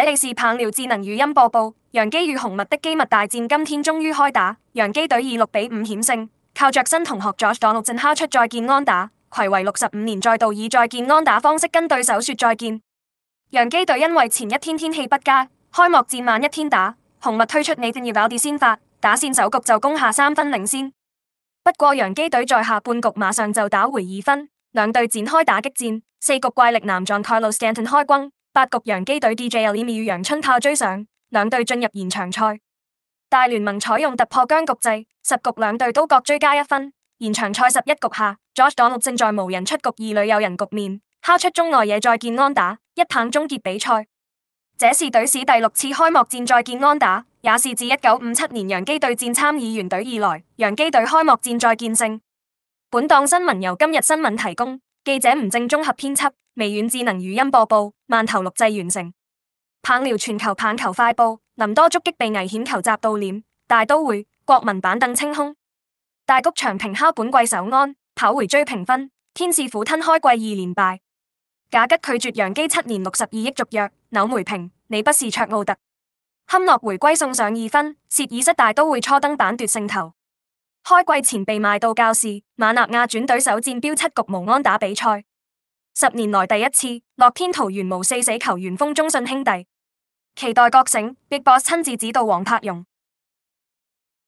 這裡是棒聊智能語音播報，洋基與紅襪的基襪大戰今天終於開打，洋基隊以六比五險勝，靠着新同學 Josh Donaldson 敲出再見安打，暌違六十五年再度以再見安打方式跟對手說再見。洋基隊因為前一天天氣不佳，開幕戰晚一天打，紅襪推出你定要搞啲先發，打線首局就攻下三分領先。不過洋基隊在下半局馬上就打回二分，兩隊展開打擊戰，四局怪力男將 Giancarlo Stanton 開轟。八局洋基隊 DJ LeMahieu 與陽春炮追上，兩隊進入延長賽。大聯盟採用突破僵局制，十局兩隊都各追加一分。延長賽十一局下，Josh Donaldson 正在無人出局二壘有人局面敲出中外野再見安打，一棒終結比賽。這是隊史第六次開幕戰再見安打，也是自一九五七年洋基隊戰參議員隊以來，洋基隊開幕戰再見勝。本檔新聞由今日新聞提供，記者吳正綜合編輯。微軟智能語音播報，慢投錄製完成。棒聊全球棒球快報，林多觸擊被危險球砸到臉。大都會國民板凳清空，大谷翔平敲本季首安，跑回追平分。天使苦吞開季二連敗，賈吉拒絕洋基七年六十二億續約紐梅平，你不是卓奧特。坎諾回歸送上二分，涉爾西大都會初登板奪勝投。開季前被賣到教士，馬納亞轉隊首戰飆七局無安打比賽。十年來第一次，樂天桃猿無四死球元封中信兄弟。期待覺醒 Big Boss 親自指導王柏融。